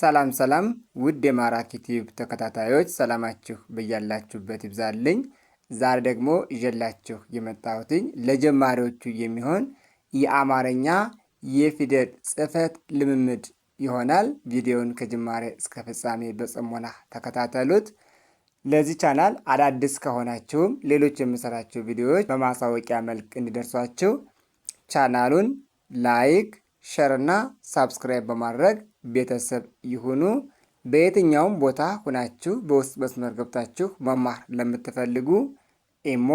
ሰላም ሰላም ውድ የማራኪ ቲዩብ ተከታታዮች ሰላማችሁ በያላችሁበት ይብዛልኝ። ዛሬ ደግሞ ይዤላችሁ የመጣሁትኝ ለጀማሪዎቹ የሚሆን የአማርኛ የፊደል ጽህፈት ልምምድ ይሆናል። ቪዲዮውን ከጅማሬ እስከ ፍጻሜ በጽሞና ተከታተሉት። ለዚህ ቻናል አዳዲስ ከሆናችሁም ሌሎች የምሰራቸው ቪዲዮዎች በማሳወቂያ መልክ እንዲደርሷችሁ ቻናሉን ላይክ ሸር እና ሳብስክራይብ በማድረግ ቤተሰብ ይሁኑ። በየትኛውም ቦታ ሁናችሁ በውስጥ መስመር ገብታችሁ መማር ለምትፈልጉ ኢሞ፣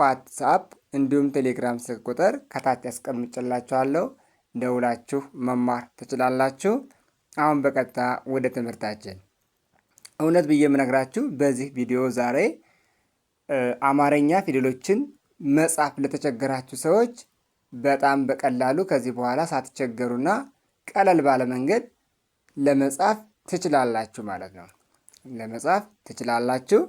ዋትስአፕ እንዲሁም ቴሌግራም ስልክ ቁጥር ከታች ያስቀምጭላችኋለሁ። ደውላችሁ መማር ትችላላችሁ። አሁን በቀጥታ ወደ ትምህርታችን። እውነት ብዬ የምነግራችሁ በዚህ ቪዲዮ ዛሬ አማርኛ ፊደሎችን መጻፍ ለተቸገራችሁ ሰዎች በጣም በቀላሉ ከዚህ በኋላ ሳትቸገሩና ቀለል ባለ መንገድ ለመጻፍ ትችላላችሁ ማለት ነው። ለመጻፍ ትችላላችሁ።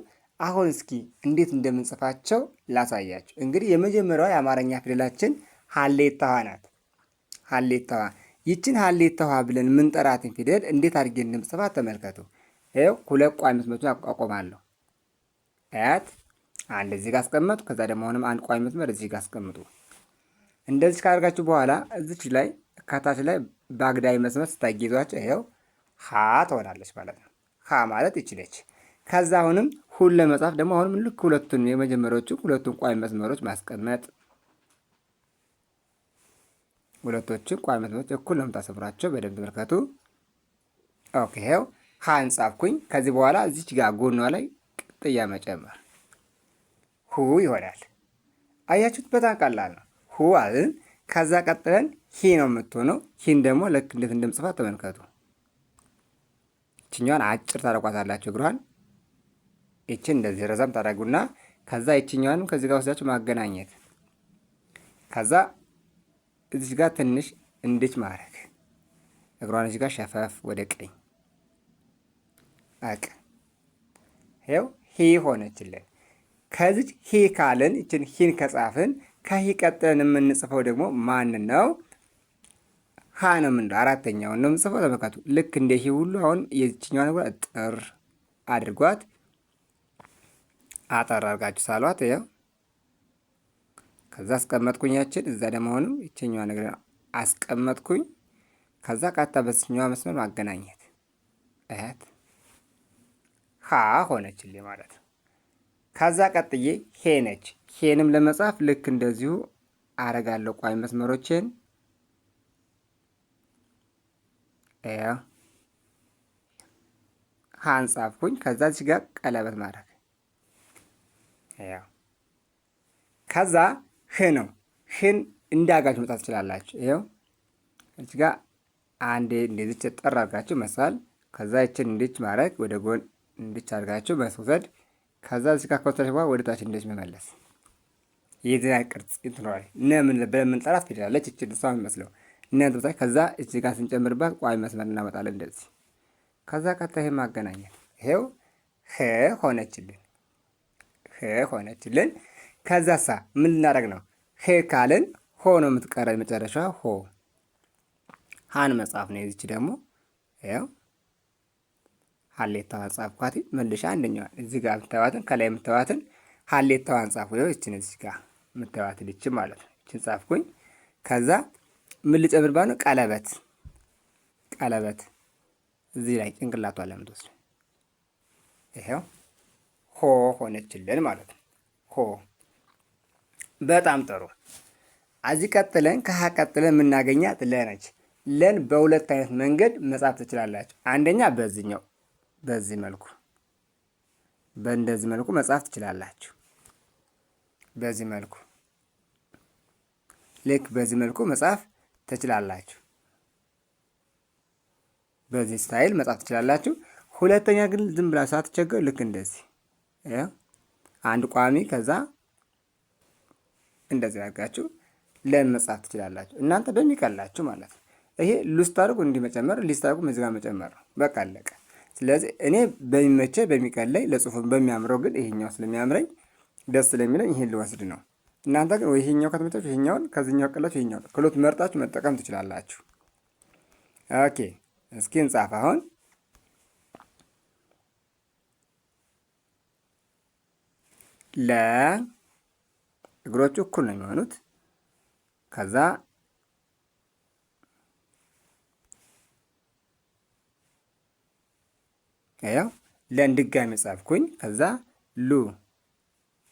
አሁን እስኪ እንዴት እንደምንጽፋቸው ላሳያችሁ። እንግዲህ የመጀመሪያው የአማርኛ ፊደላችን ሀሌታዋ ናት። ሀሌታዋ ይችን ሀሌታዋ ብለን የምንጠራትን ፊደል እንዴት አድርጌ እንደምጽፋት ተመልከቱ። ይኸው ሁለት ቋሚ መስመሮችን አቋቁማለሁ። አያት አንድ እዚህ ጋር አስቀመጡ። ከዛ ደግሞ አሁንም አንድ ቋሚ መስመር እዚህ ጋር አስቀምጡ። እንደዚህ ካደርጋችሁ በኋላ እዚች ላይ ከታች ላይ በአግዳሚ መስመር ስታጊዟቸው ይኸው ሀ ትሆናለች ማለት ነው። ሀ ማለት ይችለች። ከዛ አሁንም ሁን ለመጻፍ ደግሞ አሁንም ልክ ሁለቱን የመጀመሪያዎቹ ሁለቱን ቋሚ መስመሮች ማስቀመጥ ሁለቶችን ቋሚ መስመሮች እኩል ነው የምታሰፍሯቸው። በደንብ ተመልከቱ። ኦኬ ይኸው ሀ እንጻፍኩኝ። ከዚህ በኋላ እዚች ጋር ጎኗ ላይ ቅጥያ መጨመር ሁ ይሆናል። አያችሁት? በጣም ቀላል ነው። ሁ አልን። ከዛ ቀጥለን ሂ ነው የምትሆነው። ሂን ደግሞ ልክ እንዴት እንደምጽፋት ተመልከቱ። ይችኛዋን አጭር ታደርጓታላችሁ እግሯን። ይችን እንደዚህ ረዘም ታደርጉና ከዛ ይችኛዋንም ከዚህ ጋር ወስዳችሁ ማገናኘት። ከዛ እዚህ ጋር ትንሽ እንድች ማድረግ እግሯን እዚህ ጋር ሸፈፍ ወደ ቀኝ አቅ ይኸው ሂ ሆነችልን። ከዚች ሂ ካልን ይችን ሂን ከጻፍን ከዚህ ቀጥለን የምንጽፈው ደግሞ ማን ነው? ሀ ነው የምንለው። አራተኛውን ነው የምንጽፈው። ተመልከቱ። ልክ እንደ ይሄ ሁሉ አሁን የዚችኛዋ ነገር ጥር አድርጓት አጠር አድርጋችሁ ሳሏት። ያው ከዛ አስቀመጥኩኛችን እዛ ደግሞ አሁንም ይችኛዋ ነገር አስቀመጥኩኝ። ከዛ ቀጥታ በስኛዋ መስመር ማገናኘት እያት ሀ ሆነችልኝ ማለት ነው። ከዛ ቀጥዬ ሄ ነች። ሄንም ለመጻፍ ልክ እንደዚሁ አረጋለሁ ቋሚ መስመሮችን ሃን ጻፍኩኝ። ከዛ ዚች ጋር ቀለበት ማድረግ ከዛ ህ ነው። ህን እንዳጋችሁ መጣት ትችላላችሁ። ይኸው እዚህ ጋር አንዴ እንደዚች ጠር አድርጋችሁ መሳል። ከዛ ይችን እንድች ማድረግ ወደ ጎን እንድች አድርጋችሁ መስውሰድ፣ ከዛ እዚህ ጋር በኋላ ወደ ታች እንደዚህ መመለስ የዚያ ቅርጽ ይትኖራል። ነ ምን በምንጠራት ፊደል አለች እች ድሷ የምትመስለው እና ተብታይ ከዛ እች ጋር ስንጨምርባት ቋሚ መስመር እናመጣለን እንደዚህ። ከዛ ቀጥታ ይሄ ማገናኘት ይሄው ሄ ሆነችልን፣ ሄ ሆነችልን። ከዛ ሳ ምን ልናደርግ ነው? ሄ ካልን ሆ ነው የምትቀረል መጨረሻ ሆ ሀን መጽሐፍ ነው። የዚች ደግሞ ይሄው ሀሌታዋን ጻፍኳት። መልሻ አንደኛዋን እዚህ ጋር የምታዩዋትን ከላይ የምታዩዋትን ሀሌታዋን ጻፍ ወይ እችን እዚህ ጋር የምታዩዋትን እች ማለት ነው። እችን ጻፍኩኝ። ከዛ ምን ልጨምር ባለው ቀለበት ቀለበት እዚህ ላይ ጭንቅላቷ ለምትወስድ ይኸው ሆ ሆነችልን ማለት ነው። ሆ በጣም ጥሩ። እዚህ ቀጥለን ከሀ ቀጥለን የምናገኛት ለ ለን በሁለት አይነት መንገድ መጻፍ ትችላላችሁ። አንደኛ በዚህኛው በዚህ መልኩ በእንደዚህ መልኩ መጻፍ ትችላላችሁ። በዚህ መልኩ ልክ በዚህ መልኩ መጻፍ ትችላላችሁ። በዚህ ስታይል መጻፍ ትችላላችሁ። ሁለተኛ ግን ዝም ብላ ሳትቸገር ልክ እንደዚህ አንድ ቋሚ ከዛ እንደዚህ አድርጋችሁ ለን መጻፍ ትችላላችሁ። እናንተ በሚቀላችሁ ማለት ነው። ይሄ ሉስታርጉ እንዲህ መጨመር ሊስታርጉ መዝጋ መጨመር ነው። በቃ አለቀ። ስለዚህ እኔ በሚመቸ በሚቀለኝ ለጽሁፍ በሚያምረው ግን ይሄኛው ስለሚያምረኝ ደስ ስለሚለኝ ይሄን ልወስድ ነው። እናንተ ግን ይሄኛው ከተመቻችሁ ይሄኛውን፣ ከዚህኛው ቀላችሁ ይሄኛው ክሎት መርጣችሁ መጠቀም ትችላላችሁ። ኦኬ እስኪ እንጻፍ አሁን ለ እግሮቹ እኩል ነው የሚሆኑት ከዛ ያው ለን ድጋሚ ጻፍኩኝ። ከዛ ሉ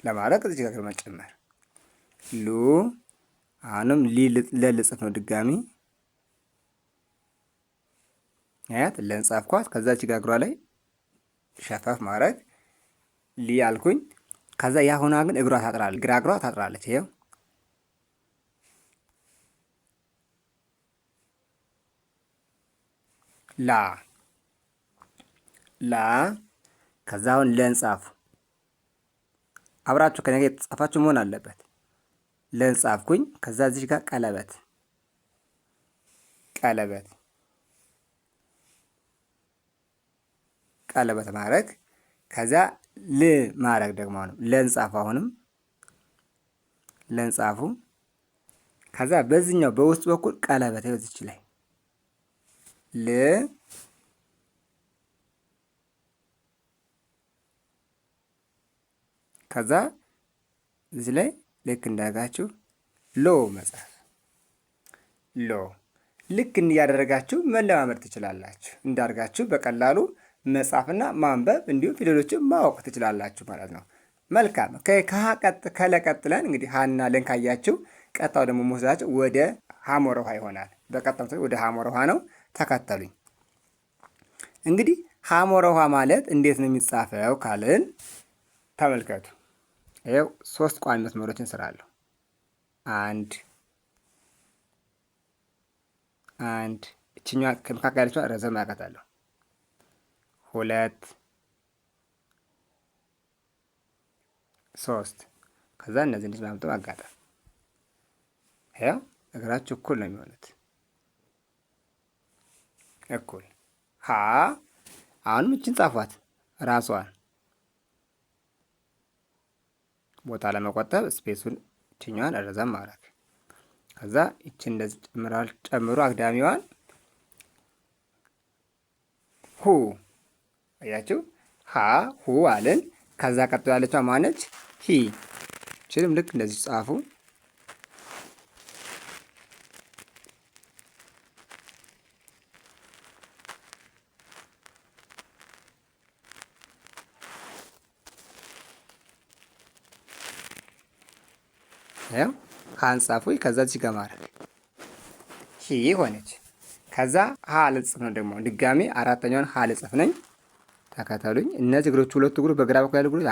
ለማድረግ እዚህ ጋር መጨመር ሉ። አሁንም ለልጽፍ ነው ድጋሚ ያት ለን ጻፍኳት። ከዛ ችጋግሯ ላይ ሸፈፍ ማድረግ ሊ አልኩኝ። ከዛ ያ ግን እግሯ ታጥራለች፣ ግራ እግሯ ታጥራለች። ይኸው ላ ላ ከዛ አሁን ለንጻፉ አብራችሁ ከነገ የተጻፋችሁ መሆን አለበት። ለንጻፍኩኝ ከዛ እዚህ ጋር ቀለበት ቀለበት ቀለበት ማድረግ ከዛ ል ማድረግ ደግሞ አሁንም ለንጻፉ አሁንም ለንጻፉ ከዛ በዚህኛው በውስጥ በኩል ቀለበት ይወዝ ይችላል ል ከዛ እዚህ ላይ ልክ እንዳደረጋችሁ ሎ መጻፍ ሎ ልክ እንዲያደረጋችሁ መለማመድ ትችላላችሁ። እንዳርጋችሁ በቀላሉ መጻፍና ማንበብ እንዲሁም ፊደሎችን ማወቅ ትችላላችሁ ማለት ነው። መልካም ከሀ ከለቀጥለን እንግዲህ ሀና ለን ካያችሁ ቀጣው ደግሞ መውሰዳቸው ወደ ሀሞረ ውሃ ይሆናል። በቀጣው ወደ ሀሞረ ውሃ ነው። ተከተሉኝ። እንግዲህ ሀሞረ ውሃ ማለት እንዴት ነው የሚጻፈው ካልን ተመልከቱ። ይኸው ሶስት ቋሚ መስመሮችን እንስራለሁ። አንድ አንድ እችኛ ከመካከላቸው ረዘም አደርጋታለሁ። ሁለት ሶስት ከዛ እነዚህ እንዴት ማምጣ አጋጠም። ይኸው እግራችሁ እኩል ነው የሚሆኑት እኩል ሀ አሁንም እችን ጻፏት ራሷን ቦታ ለመቆጠብ ስፔሱን ይችኛዋን ረዘም ማድረግ ከዛ ይቺ እንደዚህ ጨምራል ጨምሮ አግዳሚዋን ሁ አያችሁ ሀ ሁ አልን። ከዛ ቀጥሎ ያለችዋ ማነች? ሂ። ችልም ልክ እንደዚህ ጻፉ። ከአንጻፉ ከዛ እዚህ ጋር ማድረግ ሂ ሆነች። ከዛ ሀ ልጽፍ ነው ደግሞ ድጋሜ አራተኛውን ሀ ልጽፍ ነኝ። ተከተሉኝ። እነዚህ እግሮቹ ሁለቱ እግሮች በግራ በኩል ያሉ እግሮች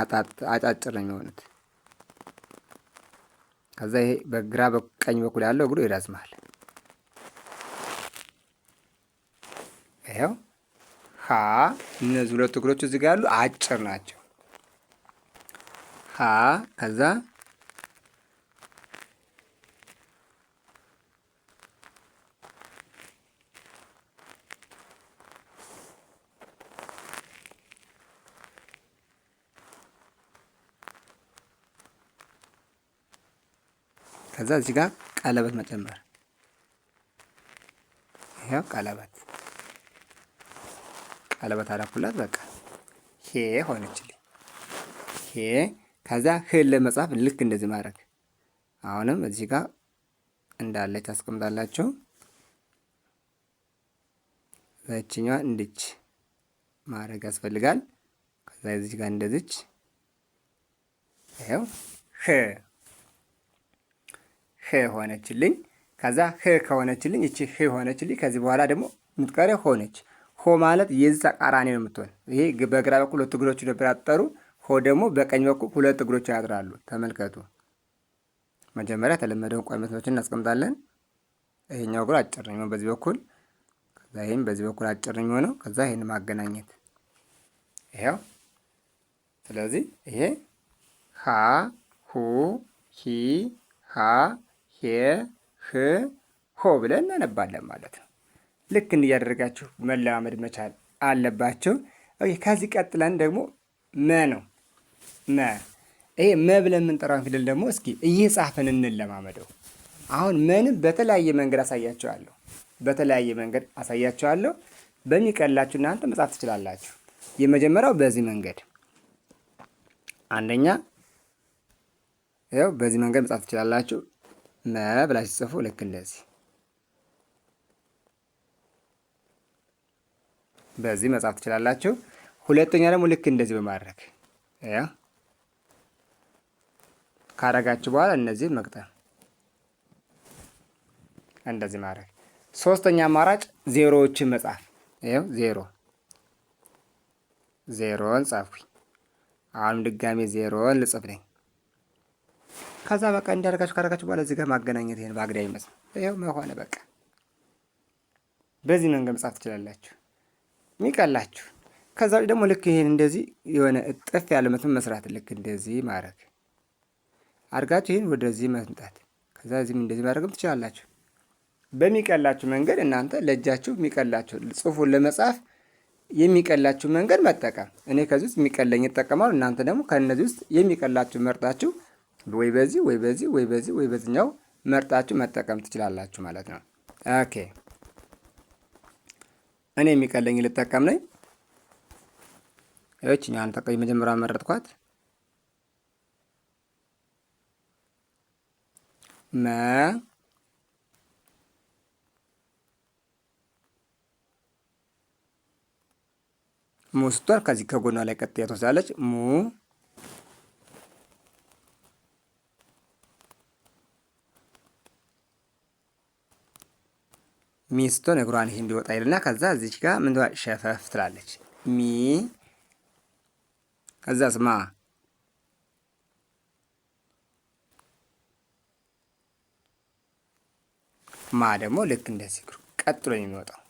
አጫጭር ነው የሚሆኑት። ከዛ ይሄ በግራ በቀኝ በኩል ያለው እግሩ ይረዝማል። ይኸው ሀ እነዚህ ሁለቱ እግሮቹ እዚህ ጋር ያሉ አጭር ናቸው። ሀ ከዛ ከዛ እዚህ ጋር ቀለበት መጨመር። ይኸው ቀለበት ቀለበት አላኩላት። በቃ ሄ ሆነችልኝ። ሄ ከዛ ህል መጽሐፍ ልክ እንደዚህ ማድረግ። አሁንም እዚህ ጋር እንዳለች ታስቀምጣላችሁ። በችኛዋ እንድች ማድረግ ያስፈልጋል። ከዛ እዚህ ጋር እንደዚች ይኸው ህ ህ ሆነችልኝ። ከዛ ህ ከሆነችልኝ እቺ ህ ሆነችልኝ። ከዚህ በኋላ ደግሞ ምትቀረ ሆነች። ሆ ማለት የዛ ቃራኒ ነው የምትሆን። ይሄ በግራ በኩል ሁለት እግሮች ነበር ያጠሩ። ሆ ደግሞ በቀኝ በኩል ሁለት እግሮች ያጥራሉ። ተመልከቱ። መጀመሪያ የተለመደውን ቋሚ መስመሮችን እናስቀምጣለን። ይሄኛው እግር አጭር ነው በዚህ በኩል ከዛ ይሄም በዚህ በኩል አጭር ነው የሚሆነው። ከዛ ይሄን ማገናኘት ይሄው። ስለዚህ ይሄ ሃ ሁ ሂ ሃ ሄ ህ ሆ ብለን እናነባለን ማለት ነው። ልክ እንዲያደርጋችሁ መለማመድ መቻል አለባቸው። ከዚህ ቀጥለን ደግሞ መ ነው መ ይሄ መ ብለን የምንጠራውን ፊደል ደግሞ እስኪ እየጻፍን እንለማመደው። አሁን መንም በተለያየ መንገድ አሳያቸዋለሁ በተለያየ መንገድ አሳያቸዋለሁ። በሚቀላችሁ እናንተ መጻፍ ትችላላችሁ። የመጀመሪያው በዚህ መንገድ አንደኛ፣ ው በዚህ መንገድ መጻፍ ትችላላችሁ። መ ብላ ሲጽፉ ልክ እንደዚህ በዚህ መጻፍ ትችላላችሁ። ሁለተኛ ደግሞ ልክ እንደዚህ በማድረግ ያ ካረጋችሁ በኋላ እነዚህን መቅጠም እንደዚህ ማድረግ። ሶስተኛ አማራጭ ዜሮዎችን መጻፍ። ይኸው ዜሮ ዜሮን ጻፍኩኝ። አሁንም ድጋሜ ዜሮን ልጽፍ ነኝ። ከዛ በቃ እንዳርጋችሁ ካረጋችሁ በኋላ እዚህ ጋር ማገናኘት ይሄን በአግዳሚ መስመር ይኸው መሆነ በቃ በዚህ መንገድ መጻፍ ትችላላችሁ። ሚቀላችሁ ከዛ ደግሞ ልክ ይሄን እንደዚህ የሆነ እጥፍ ያለ መስመር መስራት ልክ እንደዚህ ማድረግ አድርጋችሁ ይህን ወደዚህ መምጣት ከዛ እዚህም እንደዚህ ማድረግም ትችላላችሁ። በሚቀላችሁ መንገድ እናንተ ለእጃችሁ የሚቀላችሁ ጽሑፉን ለመጻፍ የሚቀላችሁ መንገድ መጠቀም። እኔ ከዚህ ውስጥ የሚቀለኝ እጠቀማለሁ። እናንተ ደግሞ ከእነዚህ ውስጥ የሚቀላችሁ መርጣችሁ ወይ በዚህ ወይ በዚህ ወይ በዚህ ወይ በዚህኛው መርጣችሁ መጠቀም ትችላላችሁ ማለት ነው። ኦኬ እኔ የሚቀለኝ ልጠቀም ነኝ። ይችኛዋን ተቀ መጀመሪያ መረጥኳት መ ሙ ስትል ከዚህ ከጎኗ ላይ ቀጥታ ትወስዳለች። ሙ ሚስቶን እግሯን ይሄ እንዲወጣ ይልና ከዛ እዚች ጋር ምን ሸፈፍ ትላለች። ሚ ከዛ ስማ ማ ደግሞ ልክ እንደዚህ እግሩ ቀጥሎ የሚወጣው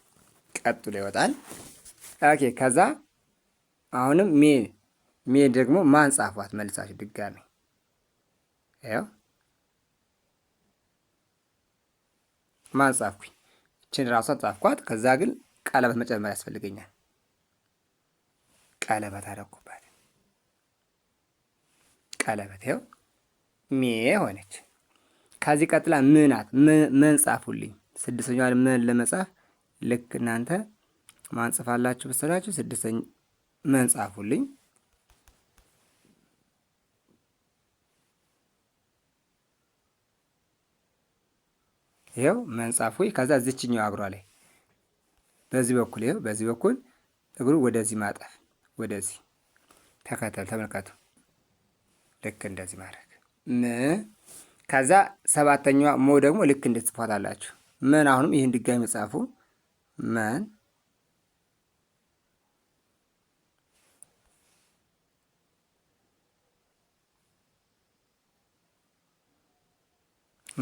ቀጥሎ ይወጣል። ኦኬ ከዛ አሁንም ሜ ሜ ደግሞ ማን ጻፏት መልሳችሁ ድጋሚ ያው ማን ጻፍኩኝ ችን ራሷን ጻፍኳት። ከዛ ግን ቀለበት መጨመር ያስፈልገኛል። ቀለበት አደረኩባት። ቀለበት ይኸው ሜ ሆነች። ከዚህ ቀጥላ ምናት ጻፉልኝ። ስድስተኛዋን ምን ለመጻፍ ልክ እናንተ ማንጽፋላችሁ ብሰላችሁ ስድስተኛ ጻፉልኝ። ይኸው መንጻፍ ወይ ከዛ ዝችኛው አግሯ ላይ በዚህ በኩል ይኸው በዚህ በኩል እግሩ ወደዚህ ማጠፍ ወደዚህ ተከተል ተመልከቱ። ልክ እንደዚህ ማድረግ ም ከዛ ሰባተኛዋ ሞ ደግሞ ልክ እንደዚህ ምን አሁንም ይህን ድጋሚ ጻፉ። ምን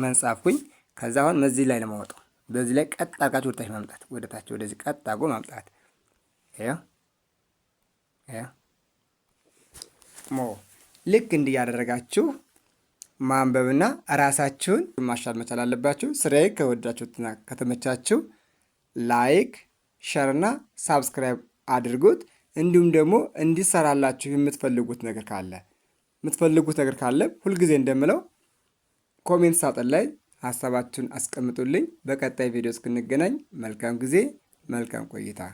መንጻፍኩኝ ከዛ አሁን መዚህ ላይ ነው በዚህ ላይ ቀጥ አድርጋችሁ ወደታች ማምጣት፣ ወደታች ወደዚህ ቀጥ አድርጎ ማምጣት። ሞ ልክ እንዲህ ያደረጋችሁ ማንበብና ራሳችሁን ማሻል መቻል አለባችሁ። ስራዬ ከወዳችሁትና ከተመቻችሁ ላይክ፣ ሸርና ሳብስክራይብ አድርጉት። እንዲሁም ደግሞ እንዲሰራላችሁ የምትፈልጉት ነገር ካለ የምትፈልጉት ነገር ካለ ሁልጊዜ እንደምለው ኮሜንት ሳጥን ላይ ሀሳባችሁን አስቀምጡልኝ። በቀጣይ ቪዲዮ እስክንገናኝ መልካም ጊዜ፣ መልካም ቆይታ